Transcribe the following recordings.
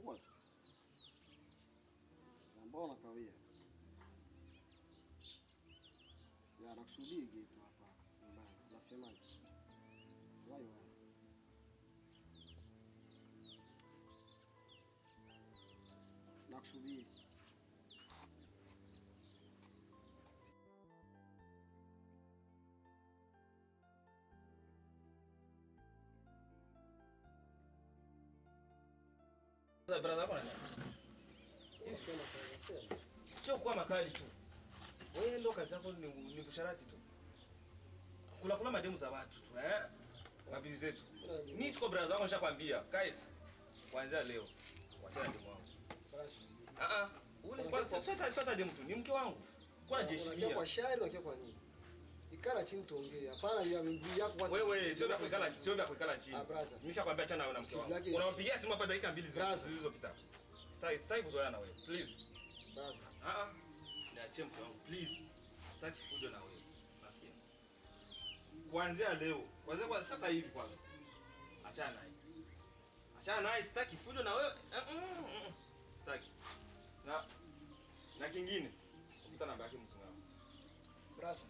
kubwa ambao nakawia ya nakusubiri kitu hapa nyumbani, unasemaje? Wai wai nakusubiri Baraza lako sio kuwa makali tu, wewe ndio kazi yako ni kusharati tu, kula kula mademu za watu tu eh, mabibi zetu. Mimi siko baraza lako, nishakwambia guys, kuanzia leo wachana demu wangu. Ah ah, ule kwanza sio hata demu tu, ni mke wangu, kwa ah, jeshikia kwa shari, kwa nini Ikala chini tuongee. Hapana ya miguu yako kwanza. Wewe sio vya kuikala, sio vya kuikala chini. Ah, brother. Nimeshakwambia achana na mke wangu. Unampigia simu hapa dakika mbili zilizopita. Stai, stai kuzoea na wewe. Please. Brother. Ah ah. Niachie mke wangu, please. Sitaki fujo na wewe. Nasikia. Kuanzia leo, kuanzia kwa sasa hivi kwanza. Achana naye. Achana naye, sitaki fujo na wewe. Uh -uh.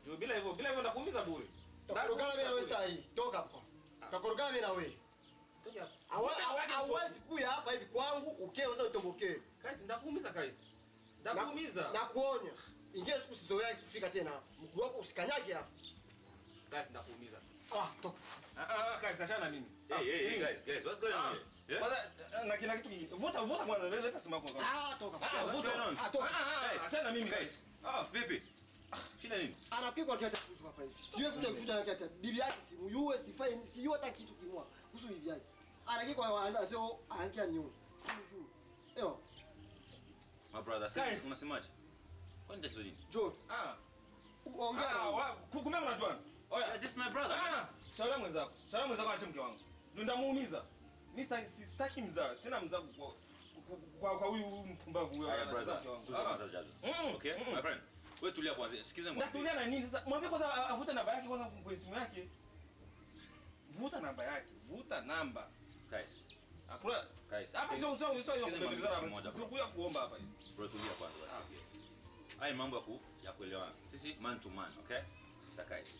Juu bila hivyo, bila hivyo ndakuumiza bure. Takorogana mimi ah. na wewe sasa hivi. Toka hapo. Takorogana mimi na wewe. Kuja. kuja hapa hivi kwangu ukee unaweza utobokee. Kaisi ndakuumiza kaisi. Ndakuumiza. Nakuonya. Ingia siku sizoea kufika tena Mguu wako usikanyage hapa. Kaisi ndakuumiza Ah, toka. Ah, ah, kaisi ah, achana mimi. Hey, hey, hey ah, guys, guys, what's going on here? Kwanza eh, na kina kitu kingine. Vuta vuta kwanza leta simu yako kwanza. Ah, toka. Ah, vuta. Ah, toka. Achana mimi guys. Ah, vipi? Shida nini? Anapigwa kiasi cha hapa hivi. Siwezi kufuta na kiasi. Bibi yake simu yue sifai si yue kitu kimwa. Kuhusu bibi yake. Yaani. Anakikwa anaanza sio anaanza nioni. Sijui. Eyo. My brother, sasa unasemaje? Kwani tatizo nini? Joe. Ah. Ongea na ah, wewe. Kumbe mnajuana. Oya, this my brother. Ah. Shauri mwenzako. Shauri mwenzako aache wangu. Ndio ndamuumiza. Mimi sitaki mzaa. Sina mzaa kwa huyu mpumbavu huyo. Anacheza mke wangu. Ah. Okay, my friend. Wewe tulia kwanza. Sikiza mwambie. Natulia na nini sasa? Mwambie kwanza avute namba yake kwanza kwenye simu yake. Vuta namba yake. Vuta namba. Guys. Hakuna. Guys. Hapa sio sio sio sio kuomba. Sikuja kuomba hapa hivi. Bro tulia kwanza. Ah. Haya mambo ya ku ya kuelewana. Sisi man to man, okay? Sasa guys.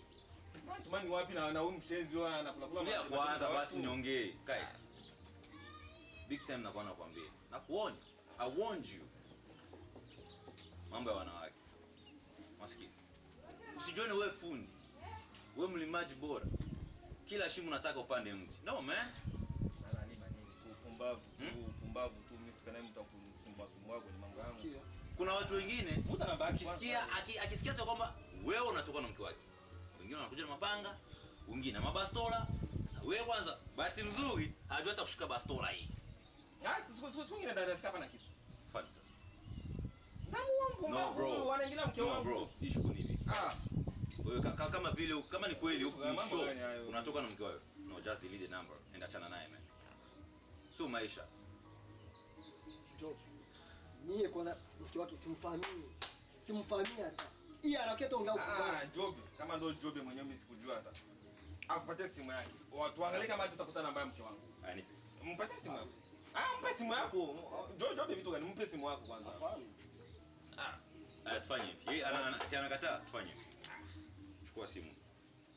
Man to man wapi na na huyu mshenzi wa anakula kula. Tulia kwanza basi niongee. Guys. Big time nakuwa nakwambia. Nakuonya. I warned you. Mambo ya wanawake. Masikini. Usijione wewe fundi. Wewe mlimaji bora. Kila shimo unataka upande mti. No man. Ala ni manini? kupumbavu hmm? tu mimi sikana mtu akusumbua sumbua kwenye mambo yangu. Kuna watu wengine futa namba, akisikia akisikia tu kwamba wewe unatoka na mke wake. Wengine wanakuja na mapanga, wengine na mabastola. Sasa wewe kwanza bahati nzuri hajui hata kushika bastola hii. Ah, siku siku ndio atafika na kisu. Fani no, wanaingilia mke wangu. Issue ni hivi. Ah. Wewe kama vile kama ni kweli huko unatoka na mke wako. No, just delete the number. Enda chana naye man. Sio maisha. Jo. Niye kwanza mke wake simfahamii. Simfahamii hata. Hii harakati ongea huko. Ah, Job, kama ndio Job mwenyewe mimi sikujua hata. Akupatie simu yake. Watu angalia kama tutakuta namba mke wangu. Anipe. Mpatie simu yako. Ah, mpe simu yako. Job, Job vitu gani? Mpe simu yako kwanza. Hapana. Aya, tufanye hivi. Yeye si anakataa, tufanye hivi. Chukua simu.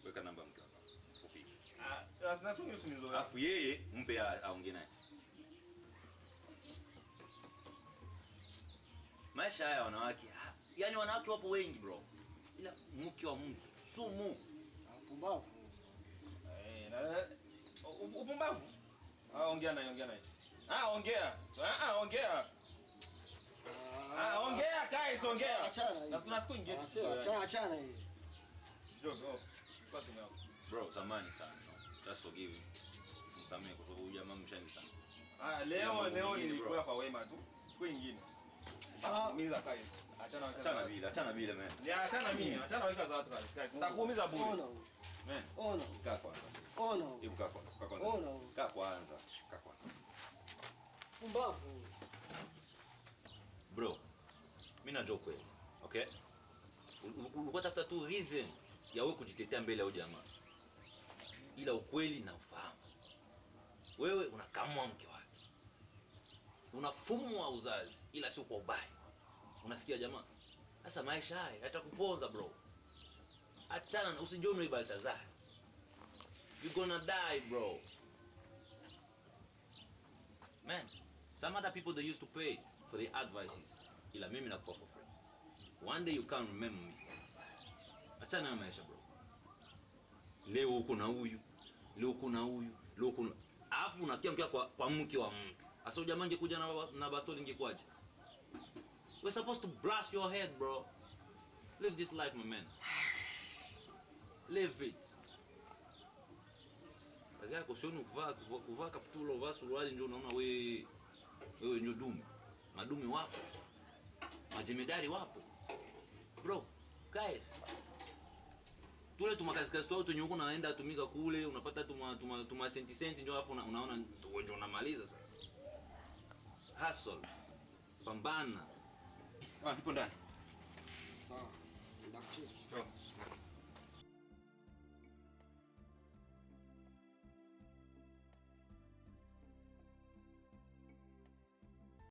Weka namba mke wako. Fupi. Ah, ah na sio usinizoe. Alafu yeye mpe aongee naye. Maisha haya wanawake. Ah, yaani wanawake wapo wengi bro. Ila mke wa mtu sumu. Pumbavu. Eh, na upumbavu. Ah, ongea naye, ongea naye. Ah, ongea. Ah, ah ongea ongea. Na kuna siku nyingine. Ah, achana achana hii. Bro, bro. Bro, zamani sana. Just forgive. Msamehe kwa sababu jamaa mshangi sana. Ah, leo leo nilikuwa kwa wema tu. Siku nyingine. Ah. Umiza guys. Achana achana bila, achana bila man. Ni achana mimi, achana weka za watu guys. Oh, oh, Nitakuumiza bure. Ona. Oh, man. Ona. Kaa kwanza. Ona. Hebu kaa kwanza. Kaa kwanza. Ona. Kaa kwanza. Kaa kwanza. Pumbavu. mimi najua kweli. Okay? Ulikuwa tafuta tu reason ya wewe kujitetea mbele ya jamaa, ila ukweli na ufahamu, wewe unakamua mke wake, unafumwa uzazi, ila sio kwa ubaya. Unasikia jamaa? Sasa maisha haya yatakuponza bro. Achana na usijione Baltazar. You gonna die bro. Man, some other people they used to pay for the advices ila mimi nakupa for free. One day you can remember me. Achana na maisha bro. Leo uko na huyu, leo uko na huyu, leo uko alafu unakia mkia kwa, kwa mke wa mtu. Asa ujamaa ingekuja na na bastori ingekuaje? We supposed to blast your head bro. Live this life my man. Live it. Kazi yako sio kuvaa kuvaa kaptula, kuvaa suruali ndio unaona wewe wewe ndio dume. Madume wapo. Majemedari wapo. Bro, guys. Tule tumakazikazi tu tunyo huko naenda tumika kule, unapata tuma tuma, tuma senti senti ndio una, unaona ndio unamaliza sasa. Hustle. Pambana. Ah, nipo ndani. Sawa. Ndakuchia. Sawa.